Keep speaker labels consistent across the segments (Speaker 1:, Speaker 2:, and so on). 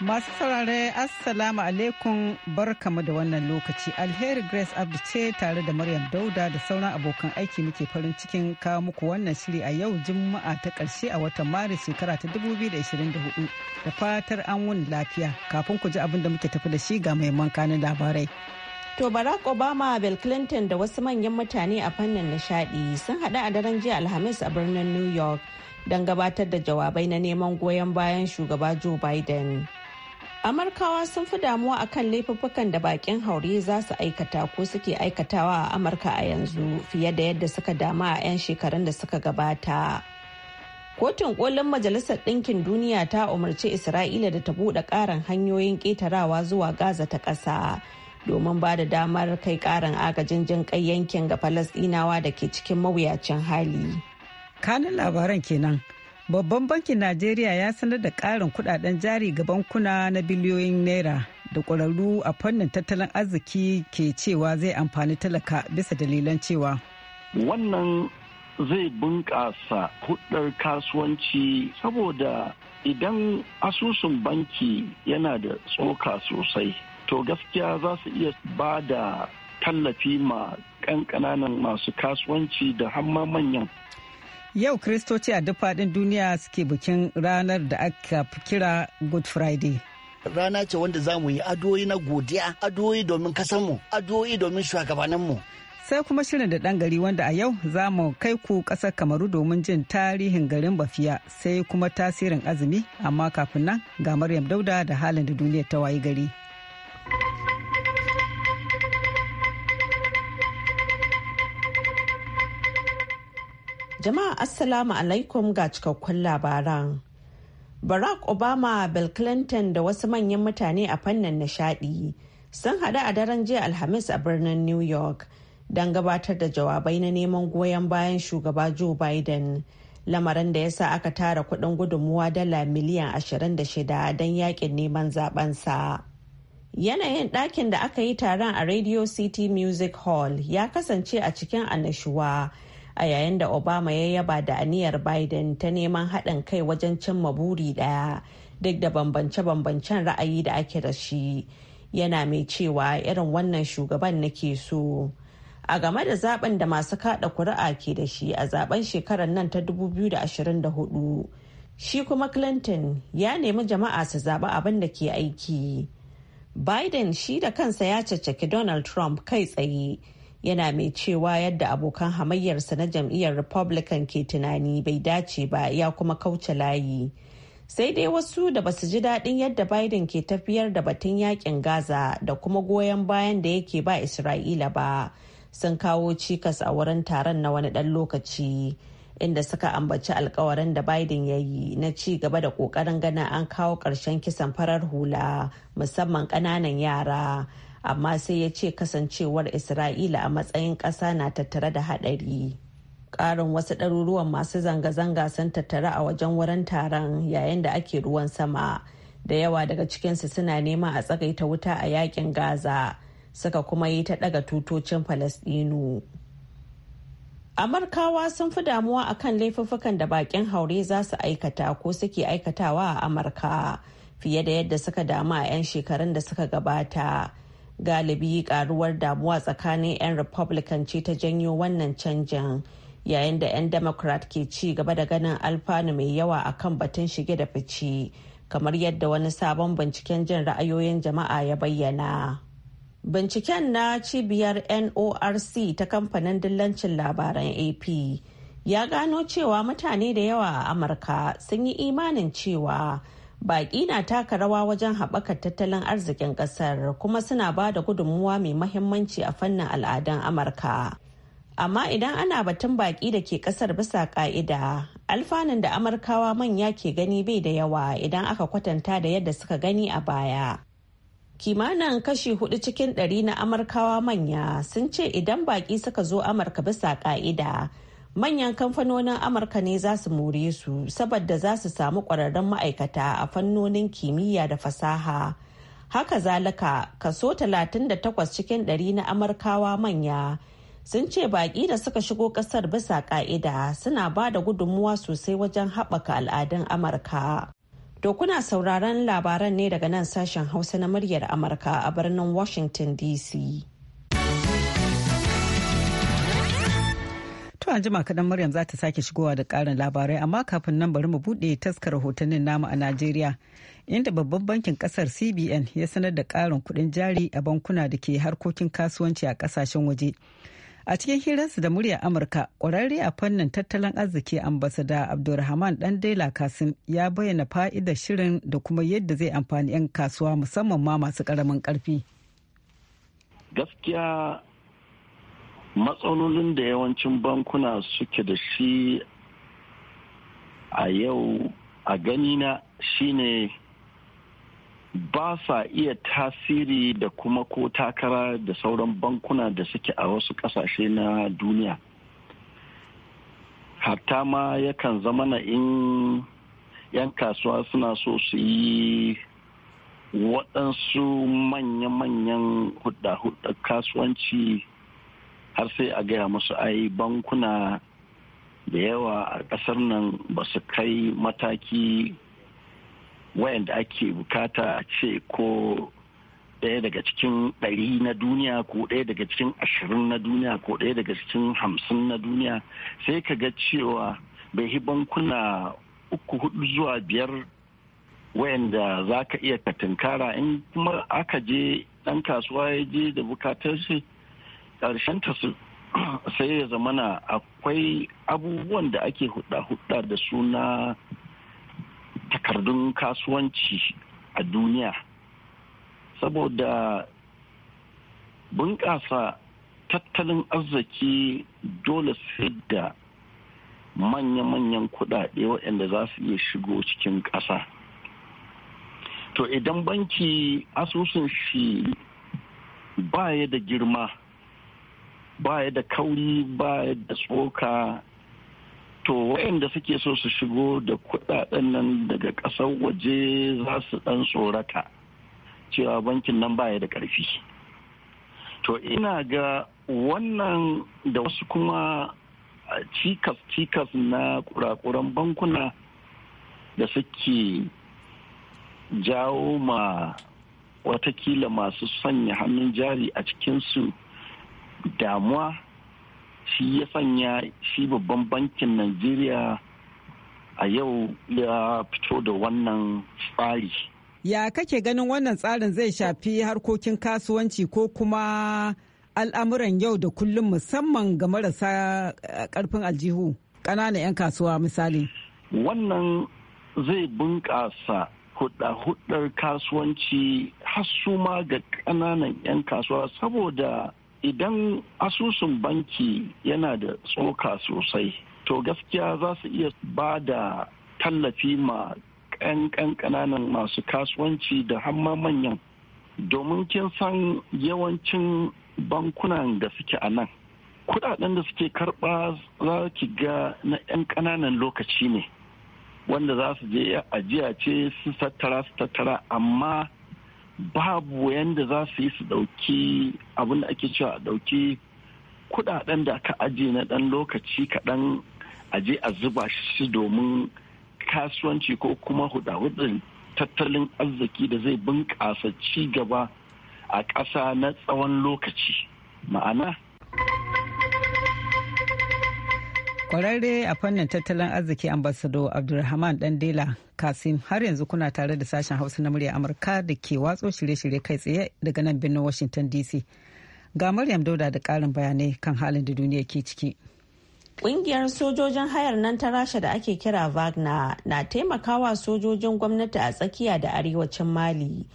Speaker 1: Masu saurare Assalamu alaikum barkamu da wannan lokaci. Alheri Grace Abdi ce tare da Maryam Dauda da sauran abokan aiki muke farin cikin kawo muku wannan shiri a yau Juma'a ta karshe a watan Maris shekara ta 2024 da fatar an wuni lafiya kafin ku ji abin da muke tafi da shi ga mai kanin labarai.
Speaker 2: To Barack Obama, Bill Clinton da wasu manyan mutane a fannin nishadi sun haɗu a daren jiya Alhamis a birnin New York don gabatar da jawabai na neman goyon bayan shugaba Joe Biden. amurkawa sun fi damuwa akan laifuffukan da bakin haure za su aikata ko suke aikatawa a amurka a yanzu fiye da yadda suka damu a 'yan shekarun da suka gabata kotun kolin majalisar ɗinkin duniya ta umarci isra'ila da ta buɗe ƙarin hanyoyin ƙetarawa zuwa gaza ta ƙasa domin ba da damar kai ƙarin agajin jin kai yankin ga falasɗinawa da ke cikin mawuyacin hali
Speaker 1: kanin labaran kenan Babban bankin Najeriya ya sanar da ƙarin kudaden jari ga bankuna na biliyoyin naira da ƙwararru a fannin tattalin arziki ke cewa zai amfani talaka bisa dalilan cewa.
Speaker 3: Wannan zai bunƙasa hudar kasuwanci saboda idan asusun banki yana da tsoka sosai to gaskiya za su iya ba da tallafi ma ƙanƙananan masu kasuwanci da hamma manyan.
Speaker 1: Yau Kiristoci a duk faɗin duniya suke bikin ranar da aka kira Good Friday. Rana ce wanda za mu yi adoyi na godiya, adoyi domin kasanmu,
Speaker 3: adoyi domin shugabaninmu.
Speaker 1: Sai kuma shirin da ɗan gari wanda a yau za mu kai ku ƙasar Kamaru domin jin tarihin garin Bafiya sai kuma tasirin azumi, amma kafin nan ga Maryam Dauda da halin da duniya ta wayi gari.
Speaker 2: Jama'a Assalamu alaikum ga cikakkun labaran. Barack Obama, Bill Clinton da wasu manyan mutane a fannin nishadi sun haɗu a daren jiya Alhamis a birnin New York don gabatar da jawabai na neman goyon bayan shugaba Joe Biden. Lamarin da ya sa aka tara kuɗin gudunmuwa dala miliyan 26 don yakin neman zabensa. Yanayin ɗakin da aka yi taron a Radio City Music Hall ya kasance a cikin annashuwa. a yayin da obama ya yaba da aniyar biden ta neman haɗin kai wajen cimma buri ɗaya duk da bambance-bambancen ra'ayi da ake da shi yana mai cewa irin wannan shugaban nake so a game da zaben da masu kaɗa kuri'a ke da shi a zaben shekarar nan ta 2024 shi kuma clinton ya nemi jama'a su zaɓi abin da ke aiki biden shi da kansa ya caccaki donald trump kai tsaye yana mai cewa yadda abokan hamayyarsa na jam'iyyar republican ke tunani bai dace ba ya kuma kauce layi sai dai wasu da basu ji daɗin yadda biden ke tafiyar da batun yakin gaza da kuma goyon bayan da yake ba isra'ila ba sun kawo cikas a wurin taron na wani ɗan lokaci inda suka ambaci alkawarin da Biden ya yi na ci gaba da kokarin ganin an kawo ƙarshen kisan farar hula musamman ƙananan yara. Amma sai ya ce kasancewar Isra'ila a matsayin ƙasa na tattare da haɗari. Ƙarin wasu ɗaruruwan masu zanga-zanga sun tattara a wajen wurin taron yayin da ake ruwan sama. Da yawa daga cikinsu suna nema a tsagaita wuta a yakin Gaza, suka kuma yi ta ɗaga tutocin Falasɗinu. amurkawa sun fi damuwa kan laifuffukan da bakin haure za su aikata ko suke aikatawa a amurka fiye da yadda suka damu a 'yan shekarun da suka gabata galibi karuwar damuwa tsakanin 'yan republican ce ta janyo wannan canjin yayin da 'yan democrat ke ci gaba da ganin alfanu mai yawa akan batun shige da fice kamar yadda wani sabon binciken jin ra'ayoyin jama'a ya bayyana. Binciken na cibiyar NORC ta kamfanin dillancin labaran AP ya gano cewa mutane da yawa a Amurka sun yi imanin cewa baƙi na taka rawa wajen haɓaka tattalin arzikin ƙasar kuma suna ba da gudunmuwa mai mahimmanci a fannin al'adun Amurka. Amma idan ana batun baƙi da ke ƙasar bisa ƙa'ida, alfanun da Amurkawa manya ke gani bai da yawa idan aka kwatanta da yadda suka gani a baya. kimanin kashi hudu cikin ɗari na amurkawa manya sun ce idan baƙi suka zo amurka bisa ƙa'ida manyan kamfanonin amurka ne za su more su saboda za su samu ƙwararrun ma'aikata a fannonin kimiyya da fasaha haka zalika kaso 38 cikin ɗari na amurkawa manya sun ce baƙi da suka shigo ƙasar bisa ƙa'ida suna ba da gudunmuwa sosai wajen haɓaka al'adun amurka To kuna sauraron labaran ne daga nan sashen Hausa na muryar Amurka a birnin Washington DC.
Speaker 1: To an jima kaɗan Maryam za ta sake shigowa da ƙarin labarai amma kafin nan bari mu buɗe taskar rahotannin namu a Najeriya inda babban bankin ƙasar CBN ya sanar da ƙarin kuɗin jari a bankuna da ke harkokin kasuwanci a ƙasashen waje. A cikin hirarsa da muryar Amurka, kwararre a fannin tattalin arziki ambasada Abdulrahman Dan Daila Kasim ya bayyana fa'idar shirin da kuma yadda zai amfani 'yan kasuwa musamman ma masu karamin karfi
Speaker 3: Gaskiya matsalolin da yawancin bankuna suke da shi a yau a ganina shine ba sa iya tasiri da kuma ko takara da sauran bankuna da suke a wasu kasashe na duniya hatta ma yakan zama na in 'yan kasuwa suna so su yi waɗansu manya-manyan hudda-hudda kasuwanci har sai a gaya musu ai bankuna da yawa a ƙasar nan ba su kai mataki wayanda ake bukata a ce ko ɗaya daga cikin ɗari na duniya ko ɗaya daga cikin ashirin na duniya ko ɗaya daga cikin hamsin na duniya sai ka ga cewa bai hi bankuna uku hudu zuwa biyar wayanda za ka iya katinkara. in kuma aka je ɗan kasuwa ya je da bukatar shi ƙarshen ta sai ya zamana akwai abubuwan da ake hudda hudda da suna takardun kasuwanci a duniya saboda bunƙasa tattalin arziki dole sai da manya-manyan kuɗaɗe waɗanda za su iya shigo cikin ƙasa to idan banki asusun shi baya da girma baya da kauri baya da tsoka to waɗanda suke so su shigo da kuɗaɗen nan daga ƙasar waje za su ɗan tsorata cewa bankin nan baya da ƙarfi to ina ga wannan da wasu kuma cikas-cikas na kurakuran bankuna da suke jawo ma watakila masu sanya hannun jari a cikinsu damuwa shi ya sanya shi babban bankin najeriya a yau ya fito da wannan tsari
Speaker 1: ya kake ganin wannan tsarin zai shafi harkokin kasuwanci ko kuma al'amuran yau da kullum musamman ga marasa karfin eh, aljihu
Speaker 3: ƙananan 'yan kasuwa misali wannan zai bunƙasa hudar kasuwanci har suma ga ƙananan 'yan kasuwa saboda idan asusun banki yana da tsoka sosai to gaskiya za su iya ba da tallafi ma ƙan ƙananan masu kasuwanci da hamma manyan domin kin san yawancin bankunan da suke a nan kudaden da suke karba za ki ga na ƴan ƙananan lokaci ne wanda za su je ajiya ce su tattara su tattara amma babu yadda za su yi su ɗauki abin ake cewa ɗauki kuɗaɗen da aka aje na ɗan lokaci kaɗan aje a zuba shi domin kasuwanci ko kuma hudahudin tattalin arziki da zai bunƙasa ci gaba a ƙasa na tsawon lokaci ma'ana
Speaker 1: Kwararre a fannin tattalin arziki ambasado Abdulrahman Dandela Kasim har yanzu kuna tare da sashen Hausa na murya Amurka da ke watso shirye-shirye kai tsaye daga nan birnin Washington DC. Ga Maryam Dauda da karin bayanai kan halin da duniya ke ciki.
Speaker 2: Ƙungiyar sojojin hayar nan ta Rasha da ake kira Wagner na taimakawa sojojin gwamnati a tsakiya da arewacin Mali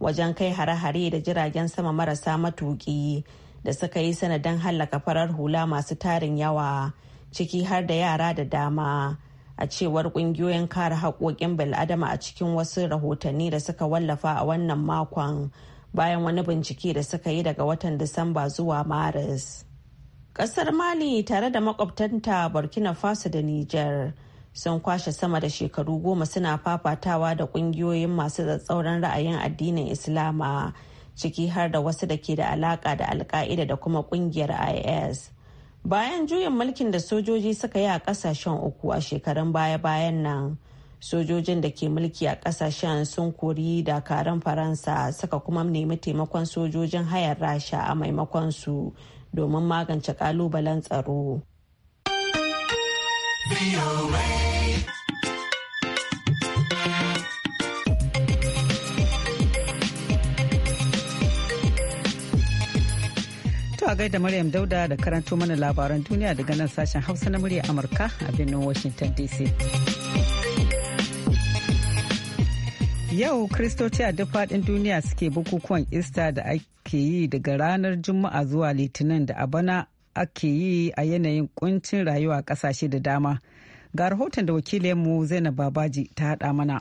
Speaker 2: wajen kai hare-hare da jiragen sama marasa matuƙi da suka yi sanadin hallaka farar hula masu tarin yawa. ciki har da yara da dama a cewar kungiyoyin kare haƙoƙin bil'adama a cikin wasu rahotanni da suka wallafa a wannan makon bayan wani bincike da suka yi daga watan disamba zuwa maris ƙasar mali tare da makwabtanta burkina faso da niger sun kwashe sama da shekaru goma suna fafatawa da ƙungiyoyin masu tsatsauran ra'ayin addinin islama ciki har da wasu da ke da alaƙa da alka'ida da kuma ƙungiyar is bayan juyin mulkin da sojoji suka yi a kasashen uku a shekarun baya-bayan nan sojojin da ke mulki a kasashen sun kori dakaran faransa suka kuma nemi taimakon sojojin hayar rasha a maimakon su domin magance kalubalen tsaro.
Speaker 1: To a gaida Maryam Dauda da karanto mana labaran duniya daga nan sashen Hausa na murya Amurka a birnin Washington DC. Yau Kiristoci a duk faɗin duniya suke bukukuwan Ista da ake yi daga ranar Juma'a zuwa Litinin da abana ake yi a yanayin kuncin rayuwa ƙasashe da dama. Ga rahoton da wakilinmu Zainab Babaji ta haɗa mana.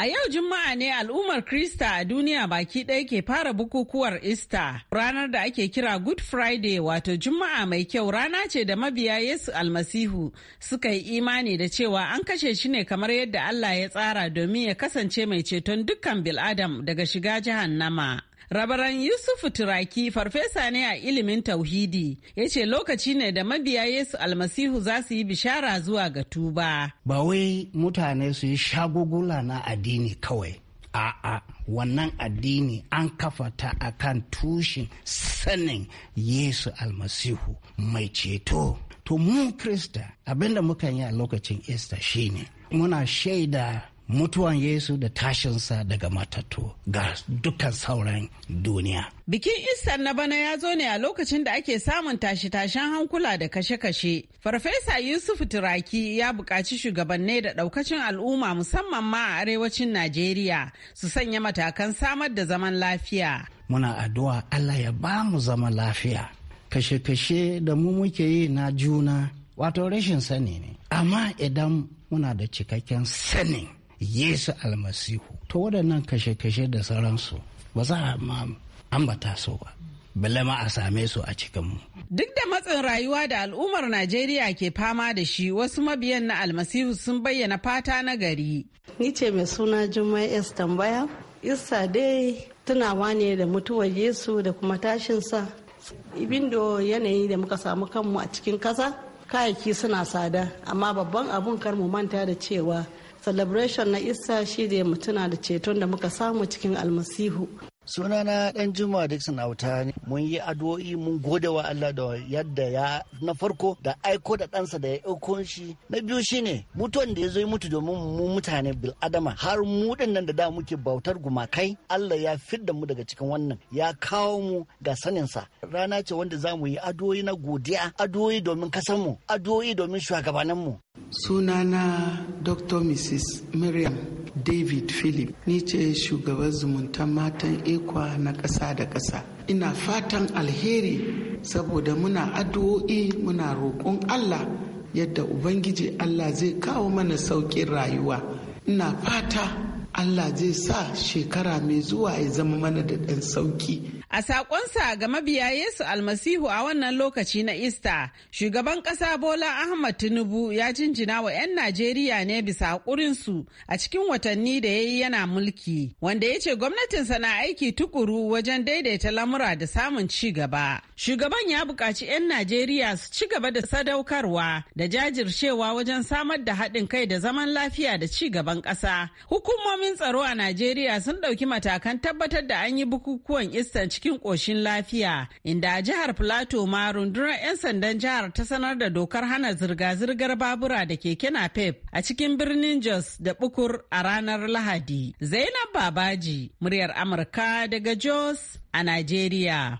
Speaker 4: A yau Juma'a ne al'ummar Krista a duniya baki ɗaya ke fara bukukuwar Ista, ranar da ake kira Good Friday wato Juma'a mai kyau rana ce da mabiya Yesu almasihu suka yi imani da cewa an kashe shi ne kamar yadda Allah ya tsara domin ya kasance mai ceton dukkan bil'adam daga shiga jahannama. Rabaran Yusuf Turaki farfesa ne a ilimin tauhidi ya ce lokaci ne da mabiya Yesu almasihu za su yi bishara zuwa ga tuba. Ba wai mutane su yi shagugula na addini kawai. A'a wannan addini an kafa ta a kan
Speaker 5: tushen sanin Yesu almasihu mai ceto. To mu Krista abinda muka yi a lokacin Easter shine muna shaida mutuwan Yesu da tashinsa daga matatu ga dukkan sauran duniya.
Speaker 4: Bikin Easter na bana ya zo ne a lokacin da ake samun tashe-tashen hankula da kashe-kashe. Farfesa Yusuf Turaki ya buƙaci shugabanni da ɗaukacin al'umma musamman ma a arewacin Najeriya su sanya matakan samar da zaman lafiya.
Speaker 5: Muna addu'a Allah ya ba mu zaman lafiya. Kashe-kashe da mu muke yi na juna wato rashin sani ne. Amma idan muna da cikakken sanin yesu almasihu to waɗannan kashe-kashe da sauransu ba za a ambata su ba balama a same su a cikinmu.
Speaker 4: Duk da matsin rayuwa da al'ummar Najeriya ke fama da shi wasu mabiyan na almasihu sun bayyana fata na gari. Ni ce mai suna Jummai S tambaya, Issa dai tunawa ne da mutuwar Yesu da kuma tashinsa. da yanayi da muka samu kanmu a cikin kasa, kayayyaki suna tsada, amma babban abun kar mu manta da cewa celebration na isa shi ne mutuna da ceton da muka samu cikin almasihu sunana dan juma dixon
Speaker 3: auta ne mun yi addu'o'i mun gode wa allah da yadda ya na farko da aiko da ɗansa da ya ɗauko shi na biyu shine mutuwan da ya zo mutu domin mu mutane bil adama har mu din nan da da muke bautar gumakai allah ya fidda mu daga cikin wannan ya kawo mu ga saninsa rana ce wanda za mu yi addu'o'i na godiya addu'o'i domin kasar mu addu'o'i domin shugabanin mu
Speaker 5: sunana dr mrs miriam david philip ni ce shugaban zumunta matan ikwa na ƙasa da ƙasa ina fatan alheri saboda muna addu'o'i muna roƙon allah yadda ubangiji allah zai kawo mana sauƙin rayuwa ina fata allah zai sa shekara mai zuwa ya zama mana da ɗan sauƙi
Speaker 4: A sakonsa ga mabiya Yesu almasihu a wannan lokaci na Ista, shugaban ƙasa Bola Ahmad Tinubu ya jinjina wa 'yan Najeriya ne bisa su a cikin watanni da ya yi yana mulki, wanda ya ce gwamnatinsa na aiki tukuru wajen daidaita lamura da samun ci gaba. Shugaban ya buƙaci 'yan Najeriya su ci gaba da sadaukarwa da jajircewa wajen samar da haɗin kai da zaman lafiya da ci gaban ƙasa. Hukumomin tsaro a Najeriya sun ɗauki matakan tabbatar da an yi bukukuwan Istan cikin ƙoshin lafiya inda a jihar plato ma rundunar 'yan sandan jihar ta sanar da dokar hana zirga-zirgar babura da keke napep a cikin birnin Jos da Bukur a ranar Lahadi. Zainab Babaji, muryar Amurka daga Jos a Najeriya.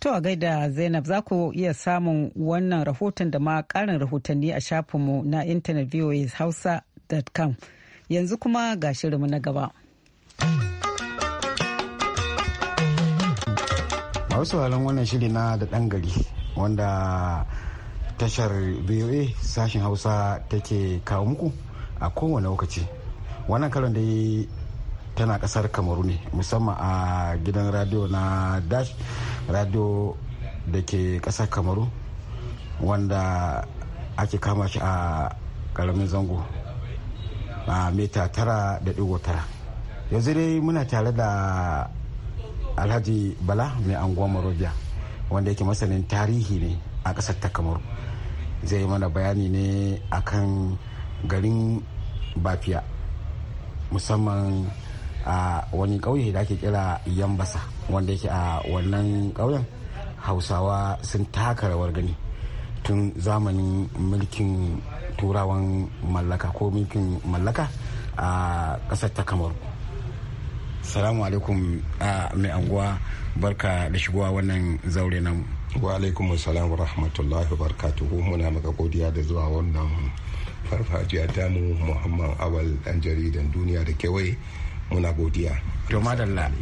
Speaker 1: To a gaida Zainab za ku iya samun wannan rahoton da ma ƙarin rahotanni a shafinmu na intanet hausa.com Yanzu kuma ga shirinmu na gaba.
Speaker 5: masu sauraron wannan shiri na da ɗan gari wanda tashar voa sashen hausa take kawo muku a kowane lokaci wannan karon da tana kasar kamaru ne musamman a gidan radio na dash radio da ke kasar kamaru wanda ake kama shi a karamin zango a mita tara da digo tara yanzu dai muna tare da alhaji bala mai anguwa marobiya wanda yake masanin tarihi ne a ƙasar ta kamaru zai yi mana bayani ne akan garin bafiya musamman a wani ƙauye da ake kira yambasa wanda yake a wannan ƙauyen hausawa sun taka rawar gani tun zamanin mulkin turawan mallaka ko mulkin mallaka a ƙasar ta kamaru salamu alaikum a mai anguwa barka da shigowa wannan zaure nan wa alaikum salam wa rahmatullahi wa barakatuhu muna maka
Speaker 6: godiya da zuwa wannan farfajiya damu muhammad awal dan jaridan duniya da kewaye muna godiya
Speaker 5: to madalla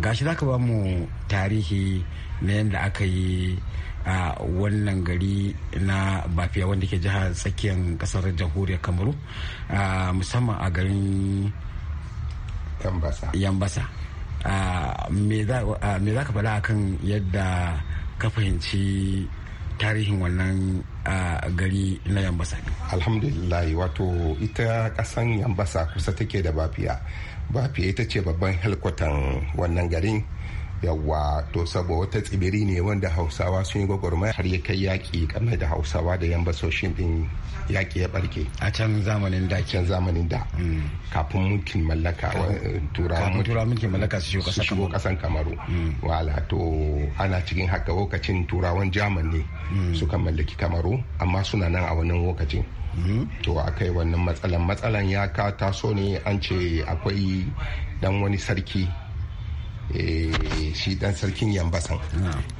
Speaker 5: gashi zaka ba mu tarihi na yadda aka yi a wannan gari na bafiya wanda ke jihar tsakiyar kasar jamhuriyar kamaru musamman a garin yambasa ah, ah, me za ka faɗa akan yadda ka fahimci tarihin wannan ah, gari na yambasa alhamdulillah wato ita ƙasan yambasa kusa
Speaker 6: take da bafiya bafiya ita ce babban helkwatan wannan garin yawa to saboda wata tsibiri ne wanda hausawa sun yi gwagwarmaya har ya kai yaƙi kamar da hausawa da yan basoshin din yaƙi ya barke a can zamanin da can zamanin da mm. kafin mulkin mallaka eh, turawa mulkin mallaka su shigo kasan kamaru mm. wala to ana cikin haka lokacin turawan german mm. suka mallaki kamaru amma suna nan a wannan lokacin to akai wannan matsalan matsalan ya ka taso ne an ce akwai dan wani sarki Eh, shi dan sarkin yambasan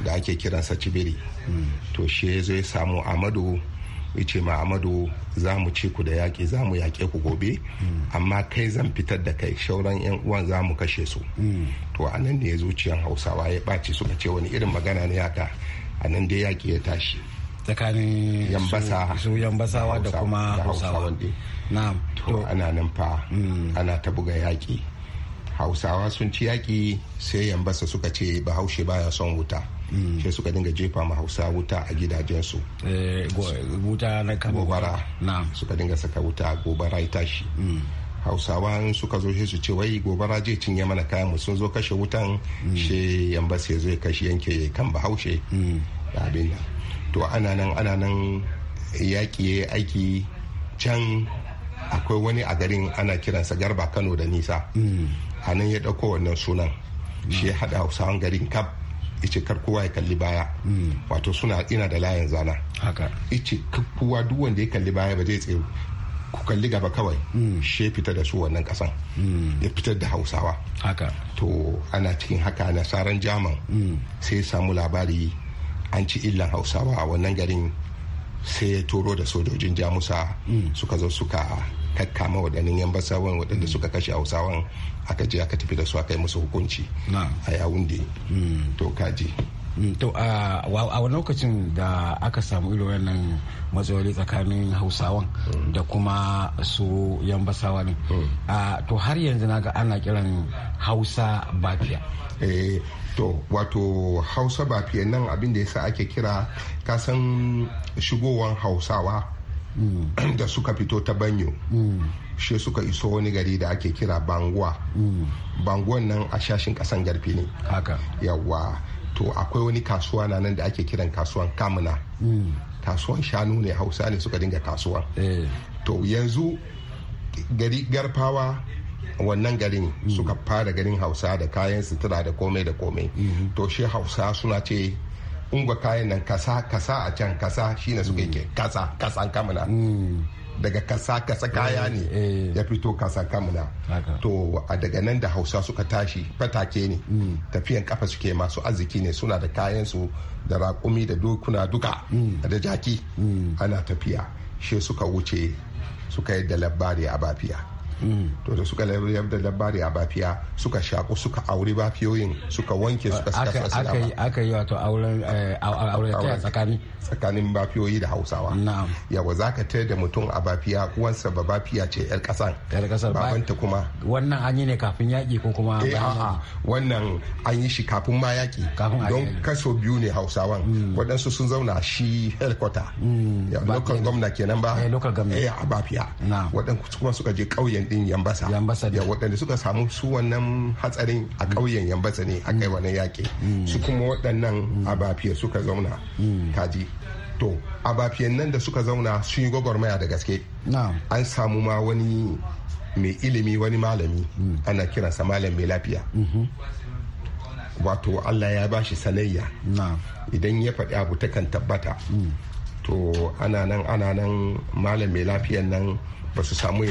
Speaker 6: da ake kiransa cibiri to shi ya samu amadu ya ce ma amadu za mu ci ku da yaƙi za mu yaƙe ku gobe amma kai zan fitar da kai shauran yan uwan za mu kashe su to a nan da ya zuciyan hausawa ya ɓaci suka ce wani irin magana ne haka a nan dai yaƙi ya tashi
Speaker 5: tsakanin yambasa su yambasawa da
Speaker 6: kuma hausawa na'am to ana nan fa mm. ana ta buga yaƙi hausawa sun ci yaƙi sai yambasa suka ce bahaushe baya son wuta mm. sai suka dinga jefa ma hausa wuta a gidajensu eh, wuta na gobara suka dinga saka wuta gobara ya tashi mm. hausawa suka zo shi su ce wai gobara je cinye mana kayan mu sun zo kashe wutan mm. shi yambasa ya zo ya kashe yanke kan bahaushe abin nan to ana nan ana nan yaƙi aiki can akwai wani a garin ana kiransa garba kano da nisa hannun ya ɗauko wannan sunan shi ya haɗa hausawan garin kaf ice kar kowa ya kalli baya wato suna ina da layin zana ice kowa duk wanda ya kalli baya ba zai tsaye ku kalli gaba kawai shi fita da su wannan kasan ya fitar da hausawa to ana cikin haka nasaran jaman sai ya samu labari an ci illan hausawa a wannan garin sai ya toro da sojojin jamusa suka zo suka kakkama waɗannan yan basawan waɗanda suka kashe hausawan aka je aka tafi da su aka yi musu hukunci a yawun da hmm. to kaji
Speaker 5: hmm, to a wani lokacin da aka samu irin wannan matsaloli tsakanin hausawan hmm. da kuma su yan basawa ne to har yanzu naga ana kiran hausa bafiya eh, to
Speaker 6: wato hausa bafiya nan abin da sa ake kira kasan shigowan hausawa Mm. da suka fito ta banyo mm. shi suka iso wani gari da ake kira banguwa mm. banguwan nan a shashin kasan garfi ne yawa to akwai wani kasuwa na nan da ake kiran kasuwan kamuna kasuwan shanu ne hausa ne suka dinga kasuwa eh. to yanzu gari garfawa wannan garin suka fara garin hausa da kayan sutura da komai da komai mm-hmm. to shi hausa suna ce ungwa kayan nan kasa kasa a can kasa shine suka yake mm. kasa kasan kamuna mm. daga kasa kasa kaya eh, ne eh. ya fito kasa kamuna to a daga nan da hausa suka tashi fatake ne mm. tafiyan kafa suke masu arziki ne suna da kayan su da raƙumi da dokuna duka da jaki ana tafiya shi suka wuce suka yi da labari a bafiya to da suka labar da labari a bafiya suka shaƙo suka aure bafiyoyin suka wanke suka saka aka yi
Speaker 5: aka yi wato auren eh, aure ta tsakani
Speaker 6: tsakanin bafiyoyi da hausawa yawa ka tayar da mutum a bafiya uwansa ba bafiya ce yar kasan
Speaker 5: yar kasan babanta kuma wannan an yi ne kafin yaƙi ko kuma eh, wannan an yi shi kafin ma yaƙi. don
Speaker 6: kaso biyu ne hausawan hmm. waɗansu sun zauna shi headquarter hmm. lokal gwamna kenan ba eh, a bafiya waɗansu kuma suka je ƙauyen din yambasa ya waɗanda suka samu su wannan hatsarin a ƙauyen yambasa ne a kai wannan yaƙi mm. su kuma waɗannan mm. abafiya suka zauna mm. kaji to abafiyan nan da suka zauna sun yi gwagwarmaya da gaske an samu ma wani mai ilimi wani malami ana kiransa malam mai lafiya mm-hmm. wato allah ya bashi sanayya idan ya faɗi abu ta kan tabbata to ana nan ana nan malam mai lafiyan nan ba su samu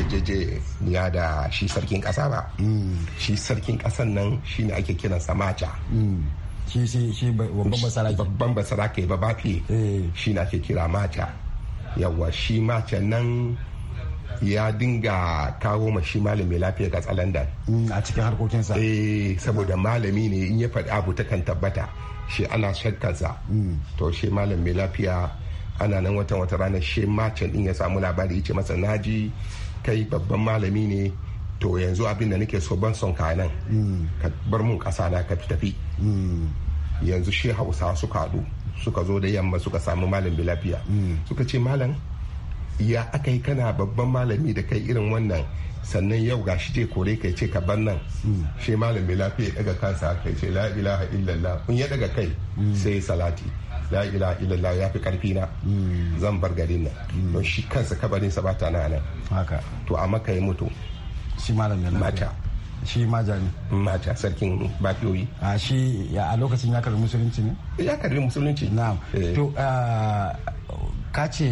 Speaker 6: ya da shi sarkin kasa ba mm. shi sarkin kasan nan shi ne ake kiran samaja mm. shi shi shi babban basarake babban basarake babafi eh. shi ne ake kira maja yawa shi maja nan ya dinga kawo ma shi malami lafiya ga tsalandan mm, a cikin harkokinsa eh saboda malami ne in ya faɗi abu ta kan tabbata shi ana shakkansa to shi malami lafiya ana nan watan wata ranar she macin din ya samu labari ya ce masa naji kai babban malami ne to yanzu abin da nake so ban son kanan mm. ka bar mun kasa na ka tafi mm. yanzu shi hausa suka haɗu suka zo da yamma suka samu malam lafiya mm. suka ce malam ya aka yi kana babban malami da kai irin wannan sannan yau gashi ce kore kai ce ka ban nan hmm. shi malam mai lafiya ya daga kansa haka ce la ilaha illallah kun ya daga kai hmm. sai salati la ilaha illallah ya fi karfi na hmm. zan bar garin nan don shi kansa kabarin sa bata na nan haka to a maka ya mutu shi malam mai mata shi majami mata sarkin bafiyoyi
Speaker 5: a shi a lokacin ya karbi musulunci ne ya karbi musulunci na'am eh. to ah, ka ce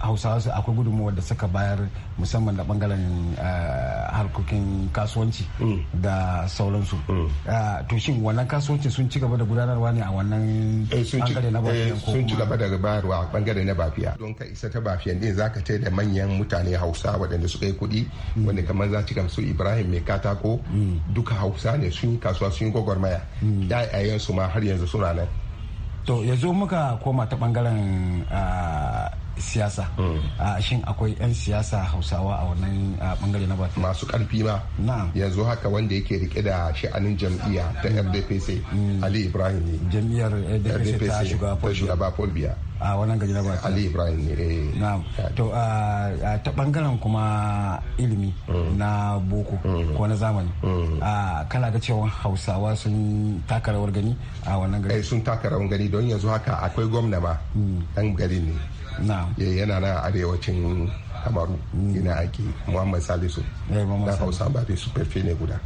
Speaker 5: hausawa su akwai gudunmuwa da suka bayar musamman da bangaren eh, harkokin kasuwanci mm. da sauransu mm. eh, to shin wannan kasuwanci sun ci gaba da gudanarwa ne a wannan bangare eh, na bafiya ko sun ci gaba
Speaker 6: da bayarwa a bangare na bafiya don ka isa ta bafiya din ka tai da manyan mutane hausa waɗanda suka yi kuɗi mm. wanda kamar za ci su ibrahim mai katako duka hausa ne sun kasuwa sun yi gwagwarmaya da su ma har yanzu suna nan
Speaker 5: to yanzu muka koma ta bangaren siyasa hmm. a shin akwai 'yan siyasa hausawa a wannan bangare na batu masu karfi
Speaker 6: ma yanzu haka wanda yake rike da sha'anin jam'iyya ta fdpc hmm. hmm. ali ibrahim jam'iyyar fdpc ta shugaba polbiya a wannan gari na ba ali ibrahim ne eh.
Speaker 5: na to a ta bangaren kuma ilimi mm. na boko mm. ko na zamani mm. a kana ga cewa hausawa sun taka rawar gani a wannan
Speaker 6: gari eh, sun taka rawar gani don yanzu haka akwai gwamna ma dan gari ne eh, yana na arewacin kamaru ina aiki. muhammad salisu eh, na hausa ba su perfе ne guda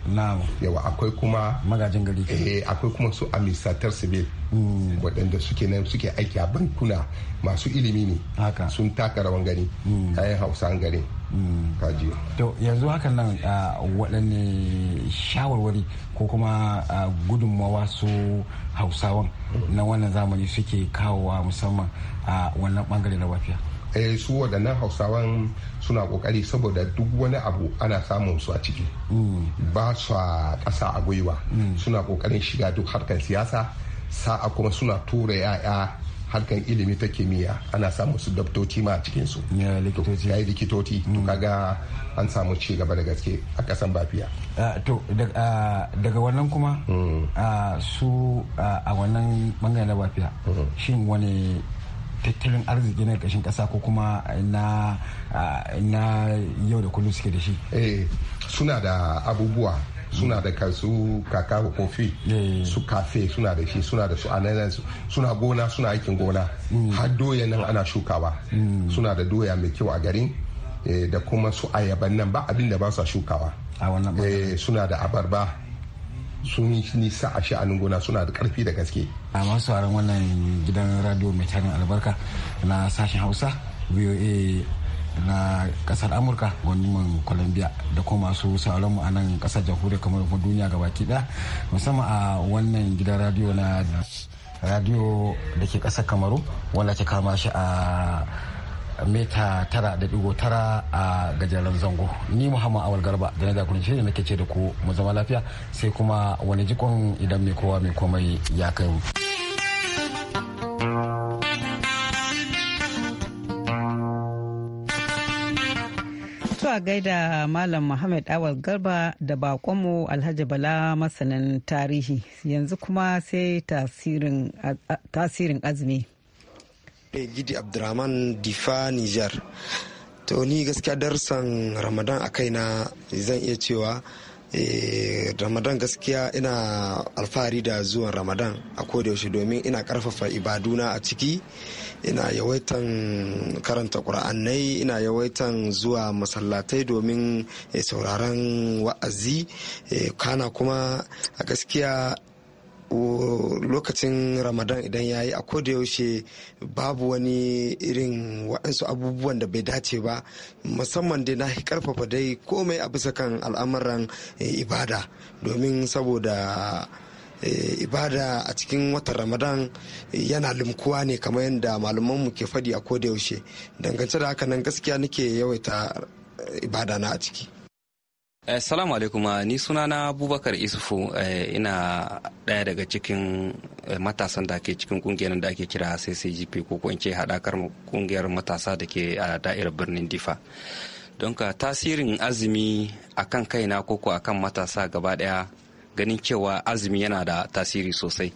Speaker 6: yawa akwai kuma magajin gari eh akwai kuma su amisatar civil hmm. waɗanda suke nan suke aiki a bankuna masu ilimi ne sun taka rawan gani hmm. kayan hausa gari hmm. kaji
Speaker 5: to yanzu hakan nan waɗanne shawarwari ko kuma gudunmawa su hausawan na wannan zamani suke kawowa musamman a wannan bangare na wafiya?
Speaker 6: Eh, su waɗannan hausawan suna ƙoƙari saboda duk wani abu
Speaker 5: ana samun su a ciki
Speaker 6: mm. ba su a ƙasa a gwiwa mm. suna ƙoƙarin shiga duk harkar siyasa sa'a kuma suna tura 'ya'ya harkan ilimi ta kimiyya ana samun su daftoci ma a cikin su ya yi likitoci to mm. kaga an samu ci gaba da gaske a kasan
Speaker 5: bafiya ah, to ah, daga wannan kuma ah, su a wannan bangare na bafiya shin wani tattalin arziki na kashin kasa ko kuma na yau da kullum suke da shi eh, suna da
Speaker 6: abubuwa suna da kasu kaka kofi eh. su kafe suna da shi suna da su suna gona suna aikin gona hmm. har doya nan ana shukawa hmm. suna da doya mai kyau a garin eh, da kuma su ayaban nan ba abinda ba sa shukawa suna da abarba sun yi sa a sha'anin gona suna da karfi da gaske.
Speaker 5: a masu sauraron wannan gidan radio mai tarin albarka na sashen hausa voa na kasar amurka gwamnatin colombia da kuma masu sauran mu a nan kasar jamhuriyar kamar kuma duniya gabaki daya musamman a wannan gidan radio na radio da ke kasar kamaru wanda ke kama shi a mita tara da digo tara a gajeren zango ni muhammad awal garba da na zakuni shi ne nake ce da ku mu zama lafiya sai kuma wani jikon idan mai kowa mai komai ya kai mu.
Speaker 1: zuwa gaida Malam Muhammad Awal Garba da bakonmu Alhaji Bala masanin tarihi yanzu kuma sai tasirin azumi.
Speaker 7: Eh, Gidi Abdurrahman Difa Nijar. To ni gaskiya darsan Ramadan a kaina zan iya cewa eh, Ramadan gaskiya ina alfahari da zuwan Ramadan a yaushe domin ina karfafa ibaduna a ciki ina yawaitan karanta ƙura'annai ina yawaitan zuwa masallatai domin eh, sauraron wa'azi kana kuma a gaskiya lokacin ramadan idan ya yi a yaushe babu wani irin waɗansu abubuwan da bai dace ba musamman dai na karfafa dai komai a bisa kan al'amuran eh, ibada domin saboda eh, ibada a cikin watan ramadan eh, yana limkuwa ne kamar yadda mu ke faɗi a yaushe dangance da haka nan gaskiya nake yawaita ibada na a ciki
Speaker 8: Eh, salamu alaikum ah, ni sunana Abubakar Isufu eh, ina ɗaya daga cikin eh, matasan da ke cikin kungiyar da ake kira CCGP ko ko ce haɗakar kungiyar matasa da ke a da'irar birnin Difa. Don ka tasirin azumi akan kaina ko ko akan matasa gaba ɗaya ganin cewa azumi yana da tasiri sosai.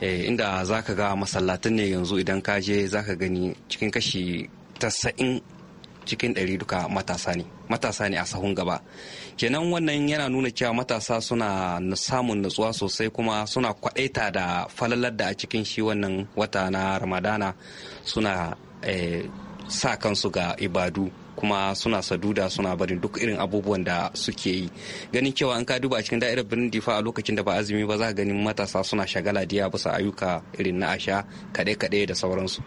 Speaker 8: inda za ka ga masallatin ne yanzu idan ka je za ka gani cikin kashi tasa'in cikin ɗari duka matasa ne matasa ne a sahun gaba kenan wannan yana nuna cewa matasa suna samun nutsuwa sosai kuma suna kwaɗaita da falalar da a cikin shi wannan wata na ramadana suna eh, sa kansu ga ibadu kuma suna saduda suna barin duk irin abubuwan da suke yi ganin cewa an ka duba a cikin da'irar birnin difa a lokacin da ba azumi ba za ka ganin matasa suna shagala diya bisa ayyuka irin na asha kaɗe-kaɗe da sauransu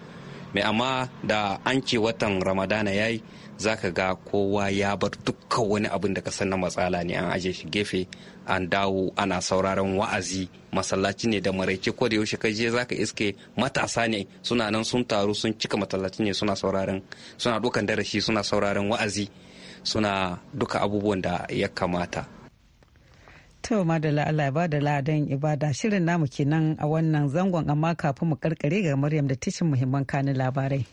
Speaker 8: mai amma da an ce watan ramadana ya yi za ka ga kowa ya bar dukkan wani abin da ka san na matsala ne an aje shi gefe an dawo ana sauraron wa'azi masallaci ne da maraice ko da yaushe ka je ka iske matasa ne suna nan sun taru sun cika masallaci ne suna sauraron suna dukan darasi suna sauraron wa'azi suna duka abubuwan da ya kamata
Speaker 1: To da Allah ya bada ladan ibada shirin namu kenan a wannan zangon amma kafin mu karkare ga Maryam da tishin muhimman kanin labarai.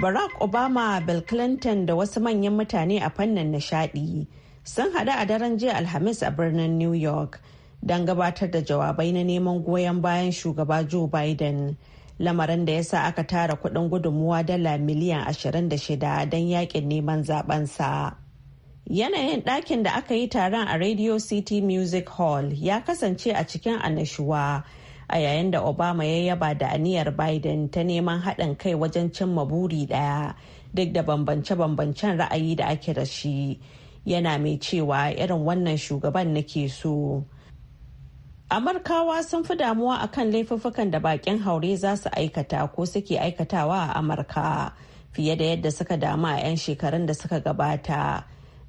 Speaker 2: Barack Obama, Bill Clinton da wasu manyan mutane a fannin nishadi sun haɗu a daren jiya Alhamis a birnin New York don gabatar da jawabai na neman goyon bayan shugaba Joe Biden. lamarin da ya sa aka tara kudin gudunmuwa dala miliyan 26 don yakin neman zabensa. Yanayin ɗakin da aka yi taron a Radio City Music Hall ya kasance a cikin annashuwa a yayin da Obama ya yaba da aniyar Biden ta neman haɗin kai wajen cimma buri ɗaya duk da bambance-bambancen ra'ayi da ake da shi. Yana mai cewa irin wannan shugaban nake so. amurkawa sun fi damuwa kan laifuffukan da bakin haure za su aikata ko suke aikatawa a amurka fiye da yadda suka damu a 'yan shekarun da suka gabata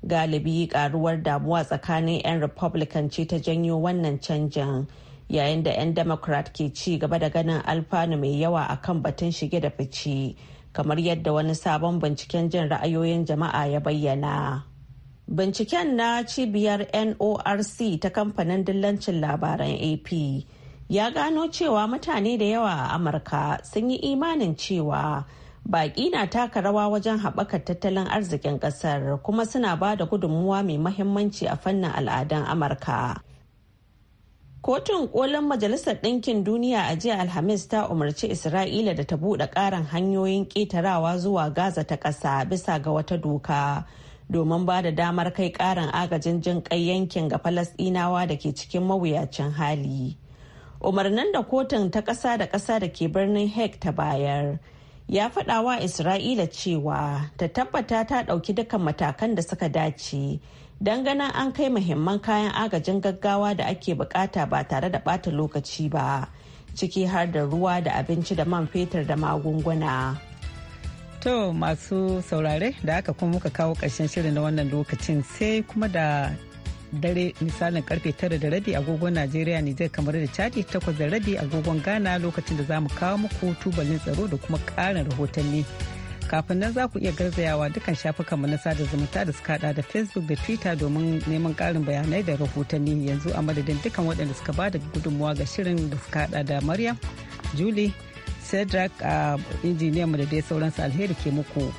Speaker 2: galibi karuwar damuwa tsakanin 'yan republican ce ta janyo wannan canjin yayin da 'yan democrat ke ci gaba da ganin alfanu mai yawa akan batun shige da fice kamar yadda wani sabon binciken jin ra'ayoyin jama'a ya bayyana. Binciken na cibiyar NORC ta kamfanin dillancin labaran AP ya gano cewa mutane da yawa a Amurka sun yi imanin cewa baƙi na taka rawa wajen haɓaka tattalin arzikin ƙasar kuma suna ba da gudunmuwa mai mahimmanci a fannin al'adun Amurka. Kotun ƙolin Majalisar Ɗinkin Duniya a jiya Alhamis ta umarci Isra'ila da ta buɗe ƙarin hanyoyin ƙetarawa zuwa Gaza ta ƙasa bisa ga wata doka domin ba da damar kai karin agajin jin kai yankin ga falasdinawa da ke cikin mawuyacin hali umarnin da kotun ta ƙasa da ƙasa da ke birnin Hek ta bayar ya faɗa isra'ila cewa ta tabbata ta ɗauki dukkan matakan da suka dace don ganin an kai muhimman kayan agajin gaggawa da ake bukata ba tare da ɓata lokaci ba ciki har da ruwa da abinci da man fetur da magunguna. To masu
Speaker 1: saurare da aka kuma muka kawo ƙarshen shirin na wannan lokacin sai kuma da dare misalin karfe tara da rabi agogon Najeriya zai kamar da Chadi takwas da rabi agogon Ghana lokacin da za mu kawo muku tubalin tsaro da kuma ƙarin rahotanni. Kafin nan za ku iya garzayawa dukkan mu na sada zumunta da suka hada da Facebook da Twitter domin neman ƙarin bayanai da rahotanni yanzu a madadin dukkan waɗanda suka ba da gudunmuwa ga shirin da suka hada da Maryam, Julie, cedric a injiniyanmu da dai sauransu alheri ke muku